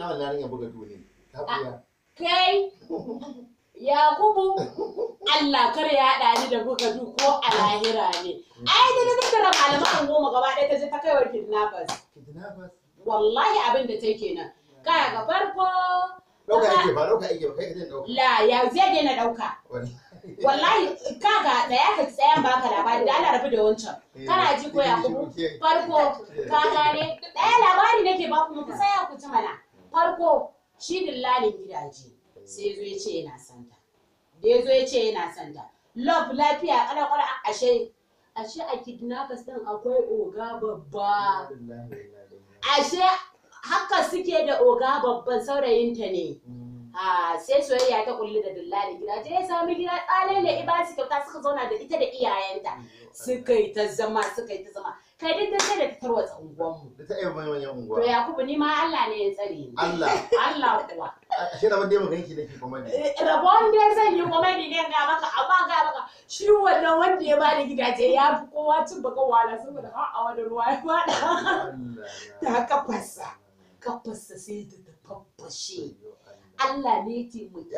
na wannan buga dole kai Yakubu Allah kar ya haɗa ni da buga du ko a lahira ne. Ai da na tattara malaman goma gaba ɗaya ta je ta kai wa kidnappers. Wallahi abin da take kenan. Kaya ga farko. Ɗauka yake ba ɗauka yake ba kai idan La ya zai daina ɗauka. Wallahi kaga tsaya ka tsaya ka labari da Allah rabu da wancan. Eh, Kana ji ko eh, Yakubu? Eh, farko ka gane ɗaya labari nake ba kuma ku tsaya ku ci mana. farko shi dillalin gidaje sai ya zo ya ce yana santa da ya zo ya ce yana santa love lafiya kalakwar ashe ashe a kidnappers din akwai oga babba ashe haka suke da oga babban saurayinta ne mm. sai soyayya ta kulli da dillali gidaje, ya sami gida tsalele ibasi su kyauta suka zauna da ita da iyayenta mm. suka yi ta zama suka yi ta zama kai duk da sai da tsangon mu da ta yi manyan unguwa to yakubu ni ma Allah ne ya tsare ni Allah Allah kuwa ashe da wanda ya maka yanki nake komedi eh, rabon da zan yi komedi ne ga maka amma ga maka shi wannan wanda ya bani gidaje ya fi kowa cin baka wala saboda har a wani ruwa ya fada ta kafasa kafarsa sai ta tafaffashe Allah ne ke mutum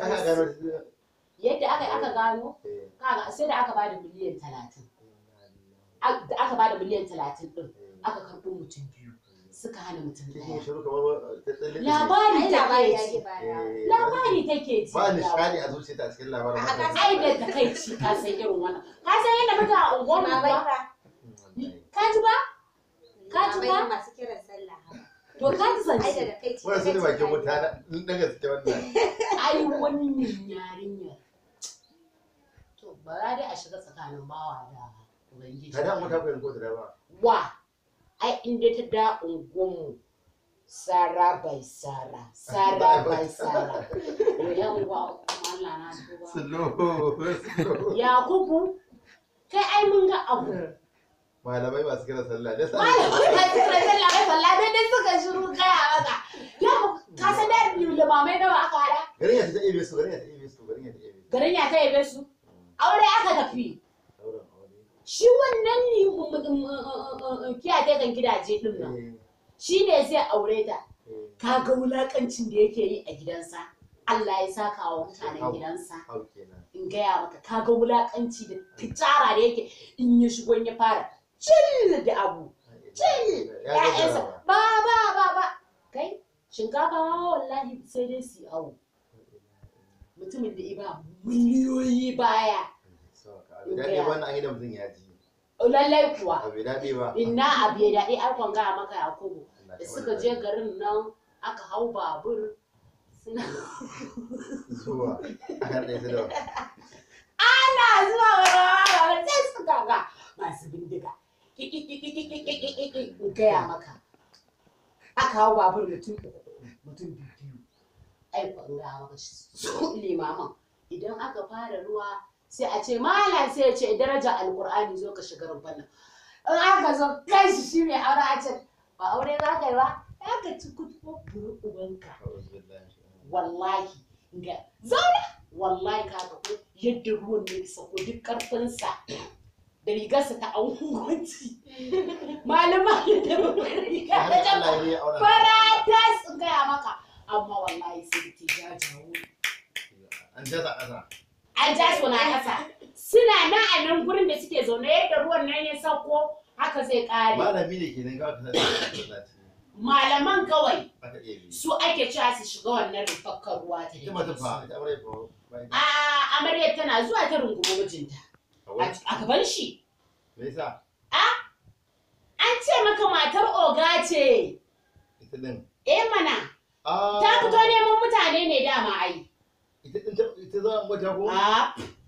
yadda aka eh. gano eh. kaga sai da aka bada miliyan talatin da aka bada miliyan talatin din mm. aka karɓo mutum biyu mm. suka hana mutum daya labari ta ke ci. labari ta ke ci. ba nishani a zuci ta cikin labarin ai da takaici ka san irin wannan ka san yadda muka a unguwar ba ka ji ba ka ji ba masu kiran sallah to ka ji zance ai da takaici wannan sai bakin wuta na gaske wannan ai wannan yarinya to ba dai a shiga tsakanin bawa da Kada da ba. Wa, ai inda ta da unguwanmu sara bai sara, sara bai sara. Yawwa, Allah na duba. Yakubu, kai ai mun ga abu. Malamai masu kira sallah. Malamai masu kira sallah, ai sallah dai dai suka shiru kaya maka. Yau, ka san da aka hada? Garin ya ta ebe su, garin ya ta su, garin ya ta su. Garin ya ta su. Aure aka tafi. shi wannan ne uh, uh, uh, gidaje din nan eh. shi ne zai aure ta eh. kaga wulakancin da yake yi a gidansa Allah ya saka wa mutanen gidansa in gaya maka kaga wulakanci da tijara da yake in ya shigo ya fara cin da abu cin ya'yansa ba ba ba ba kai shinkafa wallahi sai dai su awo mutumin da iba miliyoyi baya abu daɗi wannan an mutum ya ji oh, lallai kuwa abu daɗi ba inna abu ya daɗe an kwanga maka yakubu da suka je garin nan aka hau babur zuwa ana zuwa wani sai suka ga masu bindiga in maka hau babur mutum biyu su idan aka fara ruwa sai a ce malam sai ya ce daraja alkur'ani zo ka shiga rubban nan in aka zo kai shi shi mai aure a ce ba aure za ka yi ba ya ka ci kutubo buru ubanka wallahi ga zauna wallahi ka ga ko yadda ruwan ne isa ko duk karfinsa da rigarsa ta an hukunci malama ya taɓa riga da ta faratas in gaya maka amma wallahi sai ta ke jajawo an jaza ƙasa an ja su na ƙasa suna nan a nan gurin da suke zaune yadda ruwan nan ya sauko haka zai ƙare malami ne kenan ga wata malaman kawai su ake cewa su shiga wannan rufakkar ruwa ta a amarya tana zuwa ta rungumi mijinta a gaban shi me yasa a an ce maka matar oga ce eh mana ah. ta fito neman mutane Aa, bauta ko? A.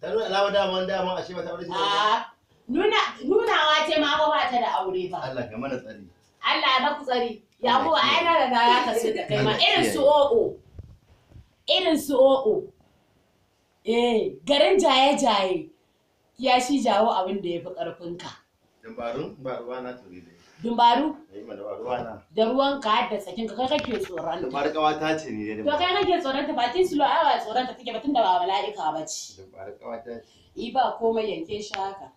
Ta nuna alama dama dama ta aure ce. A. Nuna nunawa ce ma ba ta da aure ba. Allah ka mana tsari. Allah ya baku tsari. Ya ko ai na riga da kai ma irin su o'o. Irin su o'o. Eh, garin jaye-jaye. Ya shi jawo abin da ya fi ƙarfinka. Dabarun ba ruwa na dai. dumbaru da ruwan ka da sakin kai kake tsoron ta dumbar kawata ce ne to kai kake tsoron ta ba tin silo ai ba tsoron ta take ba tunda ba mala'ika ba ce dumbar kawata ce i ba komai yanke shi haka